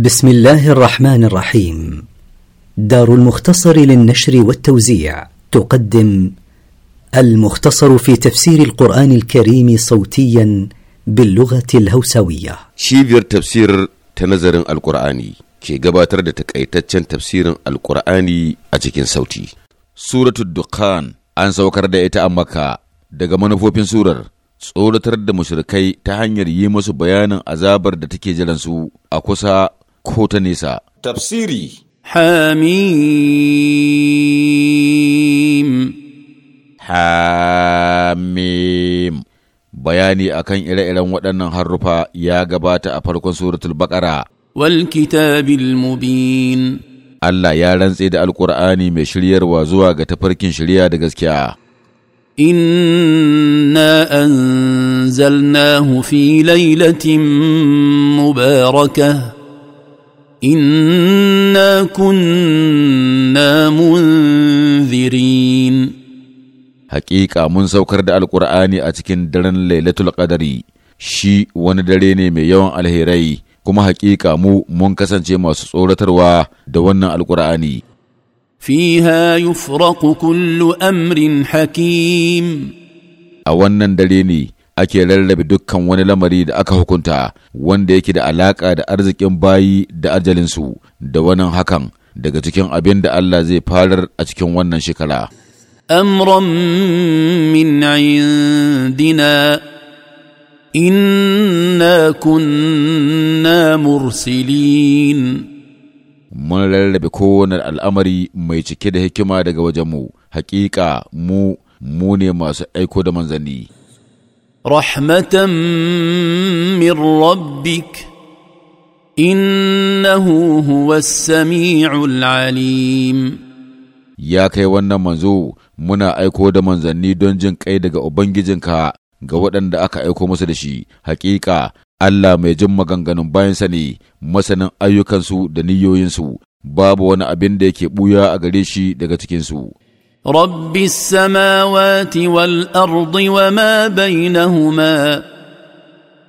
بسم الله الرحمن الرحيم دار المختصر للنشر والتوزيع تقدم المختصر في تفسير القرآن الكريم صوتيا باللغة الهوسوية شيفير تفسير تنظر القرآني كي قباتر تكأيتتشن تفسير القرآني أجيكين صوتي سورة الدخان أن وكرد دائتا أمكا دقمان فوبين سورر tsoratar da mushrikai ta hanyar yi musu bayanin azabar da take jiransu a kusa ko ta nesa. Tafsiri Hamim Hamim Bayani akan ire-iren waɗannan harrufa ya gabata a farkon suratul baƙara. Wal kitabil mubin Allah ya rantse da Alƙur'ani mai shiryarwa zuwa ga tafarkin shirya da gaskiya. inna انزلناه fi Laylatin مباركه انا كنا منذرين Haƙiƙa mun saukar da alkur'ani a cikin daren lailatul qadari shi wani dare ne mai yawan alherai kuma haƙiƙa mu mun kasance masu tsoratarwa da wannan alkur'ani fiha yufraku kullu amrin hakim a wannan dare ne ake rarrabe dukkan wani lamari da aka hukunta wanda yake da alaƙa da arzikin bayi da ajalinsu da wannan hakan daga cikin abin da Allah zai farar a cikin wannan shekara. Amran min indina inna kunna mursilin. Mun rarrabe kowane al'amari mai cike da hikima daga wajenmu, hakika mu mu ne masu aiko da manzanni. رحمه من ربك انه هو السميع العليم ya kai wannan manzo muna aiko da manzanni don jin kai daga ubangijinka ga waɗanda aka aiko musu da shi Haƙiƙa Allah mai jin maganganun bayansa ne masanin ayyukansu da niyoyinsu babu wani abin da yake ɓuya a gare shi daga cikinsu رب السماوات والارض وما بينهما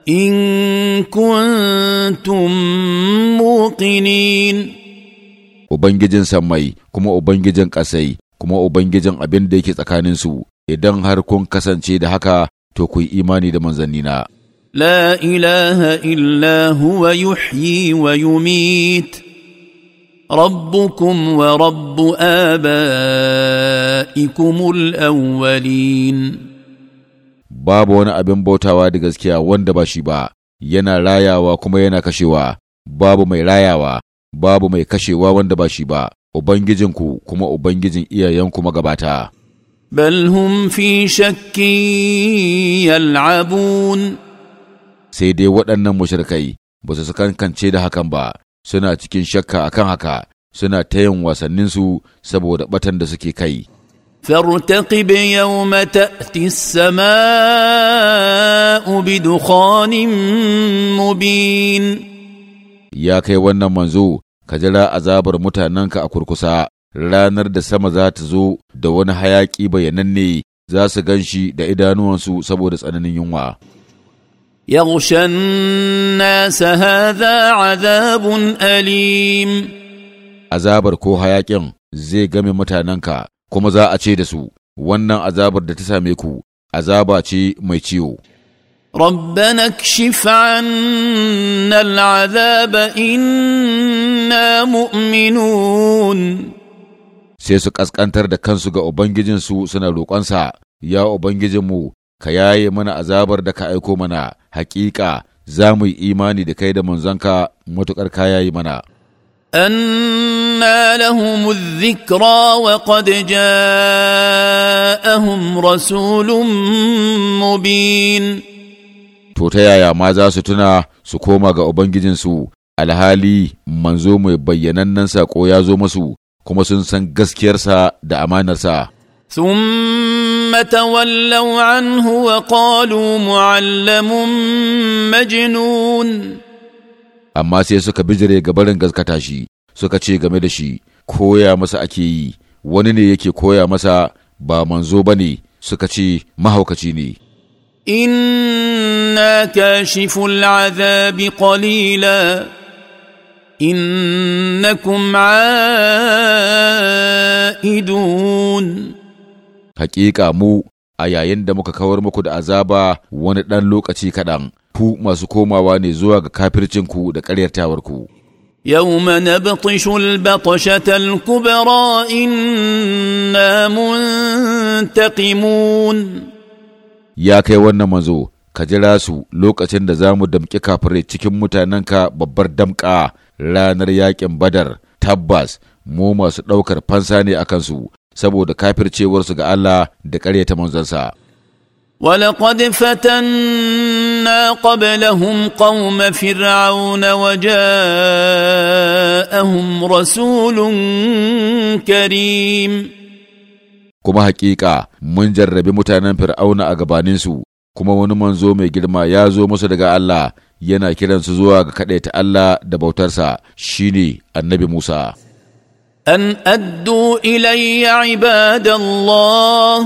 ان كنتم موقنين ubangijin sammai kuma ubangijin ƙasai kuma ubangijin abin da yake tsakaninsu idan har kun kasance da haka to ku yi imani da manzannina la ilaha illa huwa yuhyi wa yumit ربكم ورب آبائكم الأولين babu wani abin bautawa da gaskiya wanda ba shi ba yana rayawa kuma yana kashewa babu mai rayawa babu mai kashewa wanda ba shi ba ubangijinku kuma ubangijin iyayenku magabata bal hum fi shakki yal'abun sai dai waɗannan mushrikai ba su kankance da hakan ba suna cikin shakka akan haka suna ta yin wasanninsu saboda batan da suke kai فارتقب يوم تاتي السماء بدخان mubin. ya kai wannan manzo ka jira azabar mutanenka a kurkusa ranar da sama za ta zo da wani hayaƙi bayananne za su gan shi da idanuwansu saboda tsananin yunwa يغشى الناس هذا عذاب أليم azabar ko hayaƙin zai game mutanenka kuma za a ce da su wannan azabar da ta same ku azaba ce mai ciwo ربنا اكشف عنا العذاب إنا مؤمنون sai su ƙasƙantar da kansu ga Ubangijinsu suna roƙonsa, ya Ubangijin mu ka yaye mana azabar da ka aiko mana, hakika za mu yi imani da kai da manzanka matuƙar kaya yi mana. أنا zikra wa وقد rasulun rasulun mubin. To ta yaya ma za su tuna su koma ga Ubangijinsu alhali manzo mai bayyanannen saƙo ya zo masu kuma sun san gaskiyarsa da amanarsa. ثم تولوا عنه وقالوا معلم مجنون amma sai suka bi bijire ga barin gaskata shi suka ce game da shi koya masa ake yi wani ne yake koya masa ba manzo ba ne suka ce mahaukaci ne inna kashiful azabi qalila innakum aidun Hakika mu a yayin da muka kawar muku da azaba wani ɗan lokaci kaɗan, ku masu komawa ne zuwa ga kafircinku da ƙaryatawarku. ku نبطش البطشة الكبرى إنا منتقمون Ya kai wannan manzo ka jira su lokacin da za mu damƙi kafirai cikin mutanenka babbar damƙa ranar yaƙin badar tabbas mu masu ɗaukar fansa ne a kansu saboda kafircewarsu ga Allah da ƙaryata manzansa. ولقد فتنا قبلهم قوم waje وجاءهم rasulun Karim? kuma haƙiƙa mun jarrabi mutanen fir'auna a gabaninsu kuma wani manzo mai girma ya zo musu daga Allah yana kiransu zuwa ga kaɗaita Allah da bautarsa shine annabi Musa ان ادوا الي عباد الله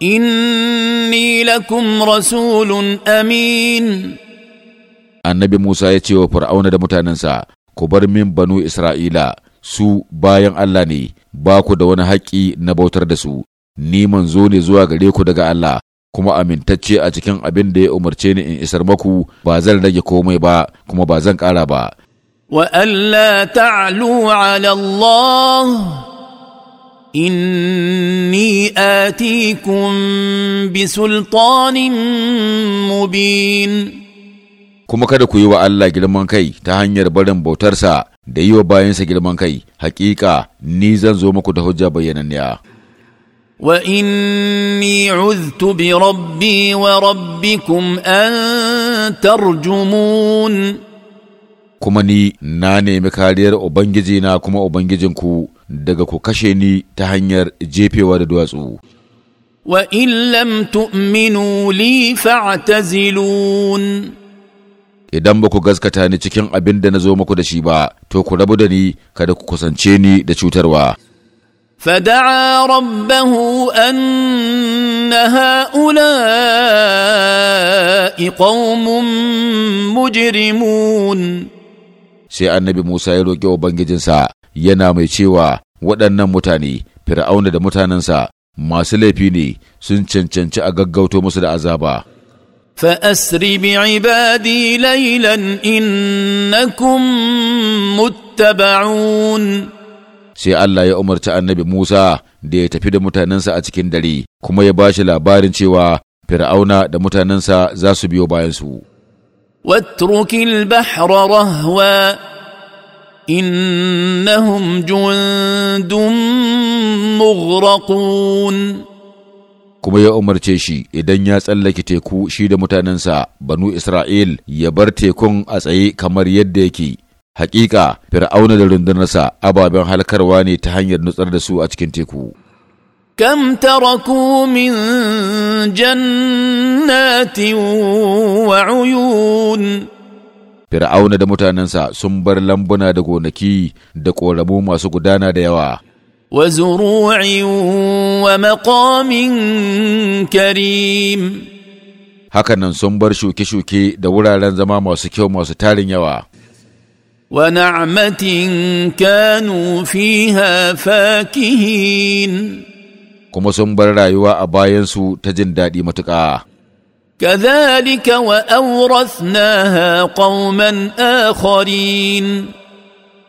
inni lakum rasulun amin annabi Musa ya ce wa Fir'auna da mutanensa ku bar min banu Isra'ila su bayan Allah ne ba ku da wani haƙƙi na bautar da su ni manzo ne zuwa gare ku daga Allah kuma amintacce a cikin abin da ya umarce ni in isar maku ba zan rage komai ba kuma ba zan ƙara ba والا تعلوا على الله اني اتيكم بسلطان مبين kuma kada ku yi wa Allah girman kai ta hanyar barin bautarsa da yi wa bayansa girman kai hakika ni zan zo muku da hujja bayyananniya واني عذت بربي وربكم ان ترجمون kuma ni na nemi kariyar Ubangiji na kuma Ubangijinku daga ku kashe ni ta hanyar jefewa da duwatsu. Wa in lam tu'minu li fa'tazilun Idan ba ku gaskata ni cikin abin da na zo muku da shi ba, to ku rabu da ni kada ku kusance ni da cutarwa. فدعا ربه ان هؤلاء قوم مجرمون sai annabi Musa ya roƙi Ubangijinsa yana mai cewa waɗannan mutane fir'auna da mutanensa masu laifi ne sun cancanci a gaggauto musu da azaba. فأسر lailan ليلا إنكم متبعون sai Allah ya umarci annabi Musa da ya tafi da mutanensa a cikin dare kuma ya ba shi labarin cewa Fir'auna da mutanensa za su biyo bayansu. واترك البحر رهوا انهم جند مغرقون kuma ya umarce shi idan ya tsallake teku shi da mutanensa banu Isra'il ya bar tekun a tsaye kamar yadda yake. Hakika, fir'auna da rundunarsa ababen halkarwa ne ta hanyar nutsar da su a cikin teku. كم تركوا من جنات وعيون Fir'auna da mutanensa sun bar lambuna da gonaki da ƙoramu masu gudana da yawa. Wa zuru'in wa maƙamin karim. Hakanan sun bar shuke-shuke da wuraren zama masu kyau masu tarin yawa. Wa na'amatin kanu fiha fakihin. kuma sun bar rayuwa a bayansu ta jin daɗi matuƙa. كذلك وأورثناها قوما آخرين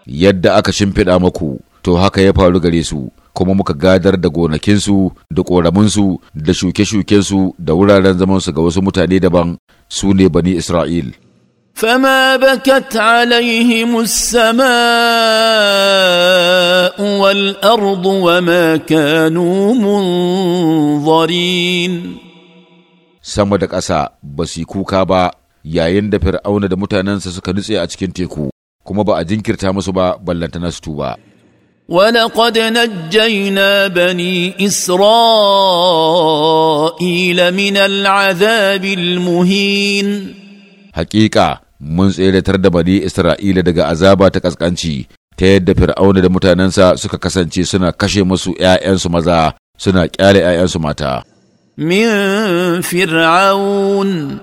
yadda aka shimfiɗa maku to haka ya faru gare su kuma muka gadar da gonakinsu da ƙoraminsu da shuke-shukensu da wuraren zamansu ga wasu mutane daban su ne bani Isra'il. فما بكت عليهم السماء والارض وما كانوا منظرين sama da ƙasa ba su yi kuka ba yayin da fir'auna da mutanensa suka nutse a cikin teku kuma ba a jinkirta musu ba ballantana su tuba ولقد نجينا بني إسرائيل من العذاب المهين Hakika mun tseratar da bani Isra'ila daga azaba ta kaskanci ta yadda Fir'auna da mutanensa suka kasance suna kashe musu ‘ya'yansu maza suna ƙyale ‘ya'yansu mata. Min Fir'aun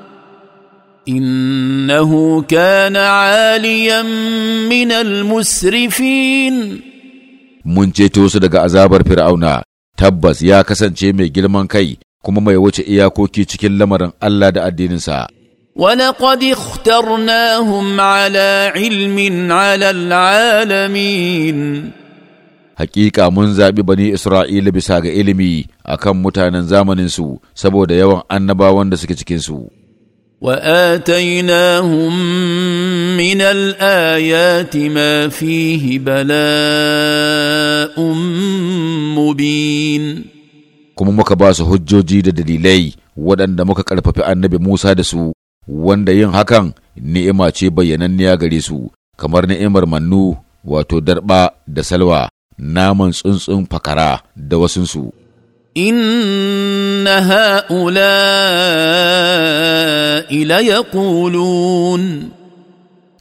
musrifin mun ceto su daga azabar fir'auna tabbas ya kasance mai girman kai kuma mai wuce iyakoki cikin lamarin Allah da addininsa ولقد اخترناهم على علم على العالمين Haƙiƙa mun zaɓi bani Isra'ila bisa ga ilimi a kan mutanen zamanin su, saboda yawan annabawan da suke cikinsu. وآتيناهم من الآيات ما فيه بلاء مبين kuma muka ba su hujjoji da dalilai waɗanda muka ƙarfafi annabi Musa da su wanda yin hakan ni'ima ce bayyananniya gare su kamar ni'imar mannu wato darba da salwa naman tsuntsun fakara da wasunsu. ha'ula هؤلاء kulun.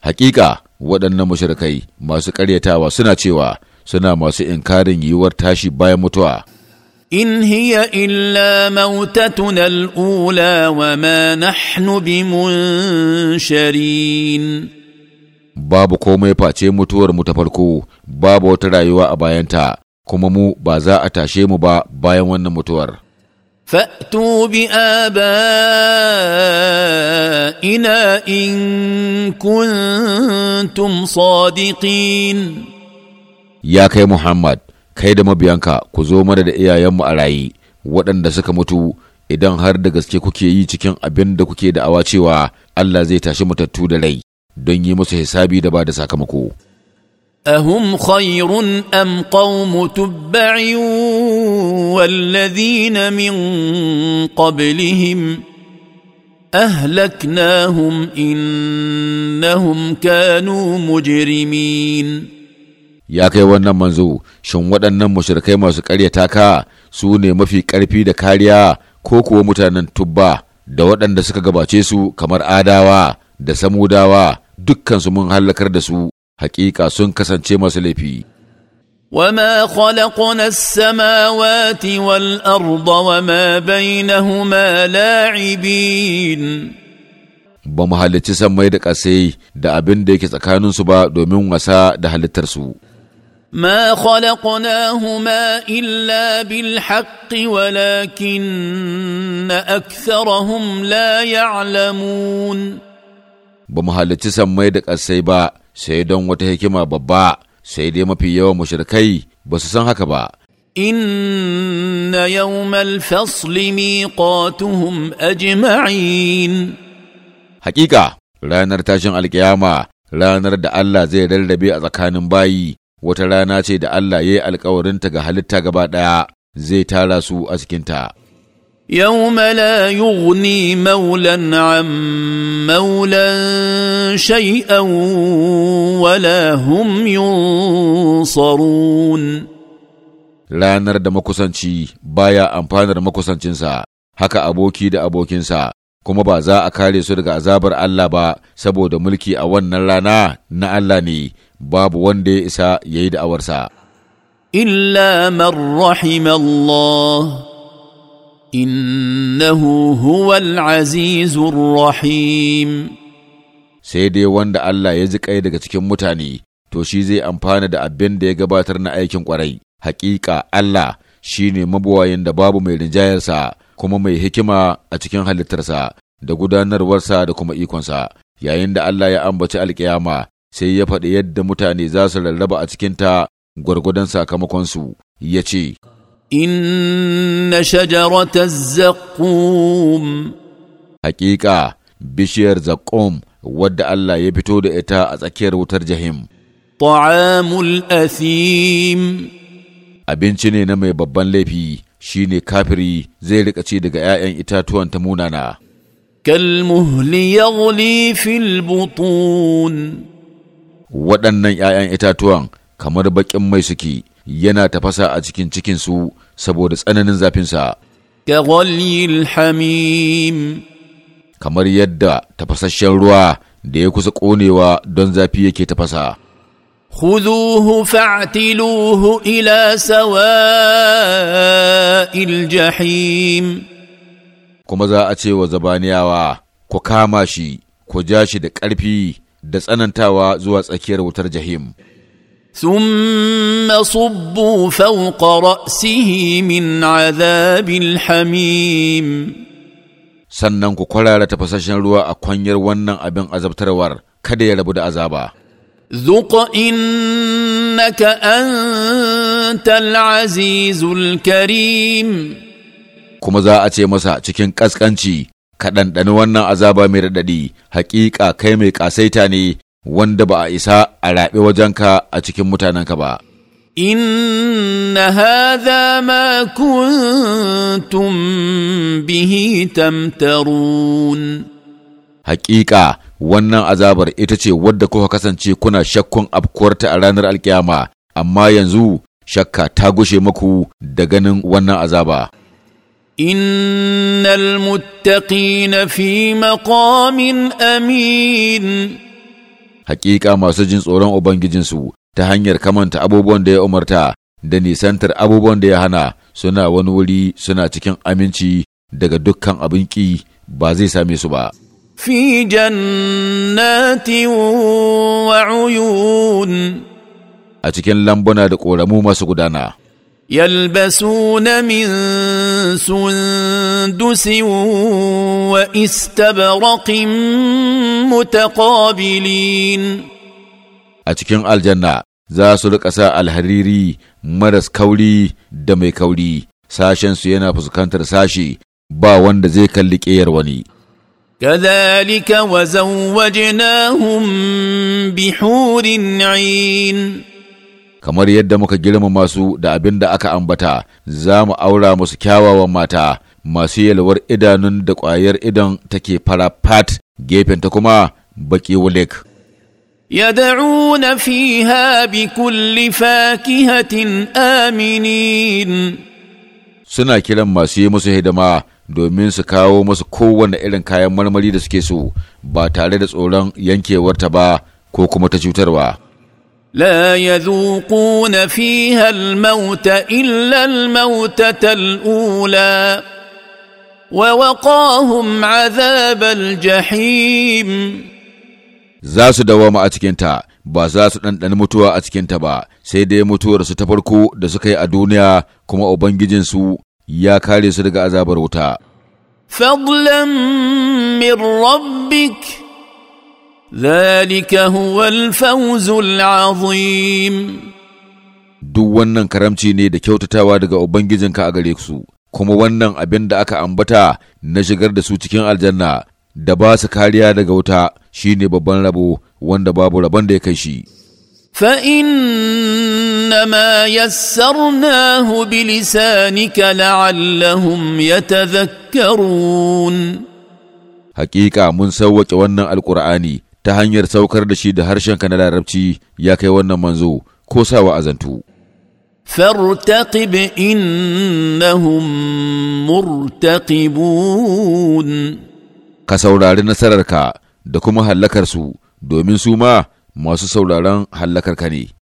Hakika waɗannan mashirkai masu ƙaryatawa suna cewa suna masu inkarin yiwuwar tashi bayan mutuwa. ان هي الا موتتنا الاولى وما نحن بمنشرين babu komai face mutuwar mu ta farko babu wata rayuwa a bayanta kuma mu ba za a tashe mu ba bayan wannan mutuwar فأتوا بآبائنا إن كنتم صادقين Ya kai Muhammad. kai da mabiyanka ku zo mana da iyayenmu a rayi waɗanda suka mutu idan har da gaske kuke yi cikin abin da kuke da'awa cewa Allah zai tashi matattu da rai don yi musu hisabi da ba da sakamako. أهم خير أم قوم تبع والذين من قبلهم أهلكناهم إنهم كانوا مجرمين ya kai wannan manzo shin waɗannan mashirkai masu ƙaryata taka su ne mafi ƙarfi da kariya ko kuwa mutanen tubba da waɗanda suka gabace su kamar adawa da samudawa dukkansu mun hallakar da su hakika sun kasance masu laifi وَمَا خَلَقْنَا السَّمَاوَاتِ وَالْأَرْضَ وَمَا بَيْنَهُمَا لَاعِبِينَ ba mu halicci sammai da ƙasai da abin da yake tsakaninsu ba domin wasa da halittarsu. ما خلقناهما الا بالحق ولكن اكثرهم لا يعلمون بمحلت سمي دك اسي سيدون سي دون سيد حكما ببا يوم مشركاي بس سن حكا ان يوم الفصل ميقاتهم اجمعين حقيقه لا تاشن القيامه رانر ده الله زي دلدبي ا تسكانين باي wata rana ce da Allah ya yi alkawarinta ga halitta gaba ɗaya zai tara su a cikinta. يوم لا يغني مولا عن مولا شيئا ولا هم ينصرون ranar da makusanci baya amfanar makusancinsa haka aboki da abokinsa kuma ba za a kare su daga azabar Allah ba saboda mulki a wannan rana na Allah ne babu wanda ya isa ya yi da'awarsa. Illa man rahimallah innahu huwal azizur rahim. Sai dai wanda Allah ya ji ƙai daga cikin mutane, to shi zai amfana da abin da ya gabatar na aikin ƙwarai. Haƙiƙa Allah shi ne mabuwayin da babu mai rinjayarsa kuma mai hikima a cikin halittarsa da gudanarwarsa da kuma ikonsa, yayin da Allah ya ambaci alƙiyama sai ya faɗi yadda mutane za su rarraba a cikinta gwargwadon sakamakonsu ya ce, Inna shajarata zaƙum Hakika bishiyar zaƙom wadda Allah ya fito da ita a tsakiyar wutar jahim. Ta'amul asim Abinci ne na mai babban laifi shi ne kafiri zai riƙa ci daga ‘ya'yan itatuwan ta munana. Kalmuhli yaghli fil butun waɗannan ‘ya'yan itatuwan kamar baƙin mai suke yana tafasa a cikin cikinsu saboda tsananin zafinsa. Kamar yadda tafasasshen ruwa da ya kusa ƙonewa don zafi yake tafasa. huzuhu fatiluhu ila sawa jahim kuma za a ce wa zabaniyawa ku kama shi ku ja shi da ƙarfi da tsanantawa zuwa tsakiyar wutar jahim. Sun صبوا فوق رأسه min azabin Hamim. sannan ku kwarara tafasashen ruwa a kwanyar wannan abin azabtarwar kada ya rabu da azaba. Zuƙa innaka antal azizul karim. Kuma za a ce masa cikin ƙasƙanci ka ɗanɗani wannan azaba mai raɗaɗi, haƙiƙa kai mai ƙasaita ne wanda ba a isa a raɓe wajenka a cikin mutanenka ba. إن هذا ma كنتم bihi tamtarun. حقيقة wannan azabar ita ce wadda kuka kasance kuna shakkun afkuwarta a ranar alkiyama amma yanzu shakka ta gushe muku da ganin wannan azaba ان المتقين في مقام امين حقيقه masu jin tsoron ubangijinsu ta hanyar kamanta abubuwan da ya umarta da nisantar abubuwan da ya hana suna wani wuri suna cikin aminci daga dukkan abin ki ba zai same su ba fi wa uyun a cikin lambuna da ƙoramu masu gudana يلبسون من سندس واستبرق متقابلين أتكين الجنة ذا سلك أساء الهريري مرس كولي دمي كولي ساشن سينا فسكانتر ساشي با وند زي كاللك إيرواني كذلك وزوجناهم بحور عين kamar yadda muka girma masu da abin da aka ambata za mu aura musu kyawawan mata masu yalwar idanun da ƙwayar idan take fara fat ta kuma baƙi wulik. يدعون فيها kulli fakihatin aminin. suna kiran masu yi musu hidima domin su kawo musu kowane irin kayan marmari da suke so ba tare da tsoron yankewarta ba ko kuma ta cutarwa. لا يذوقون فيها الموت الا الموته الاولى ووقاهم عذاب الجحيم za su dawama a cikinta ba za su ɗanɗani mutuwa a cikinta ba sai dai mutuwar su ta farko da suka yi a duniya kuma ubangijinsu ya kare su daga azabar wuta fadlan min rabbik ذلك هو الفوز العظيم duk wannan karamci ne da kyautatawa daga Ubangijinka a gare su, kuma wannan abin da aka ambata na shigar da su cikin aljanna da ba su kariya daga wuta shine babban rabo wanda babu rabon da ya kai shi. فإنما يسرناه بلسانك لعلهم يتذكرون. Hakika mun sauwaƙe wannan alkur'ani. ta hanyar saukar da shi da harshenka na larabci ya kai wannan manzo ko sa wa'azantu. فارتقب إنهم مرتقبون ka saurari nasararka da kuma hallakarsu domin su ma masu sauraron ka ne.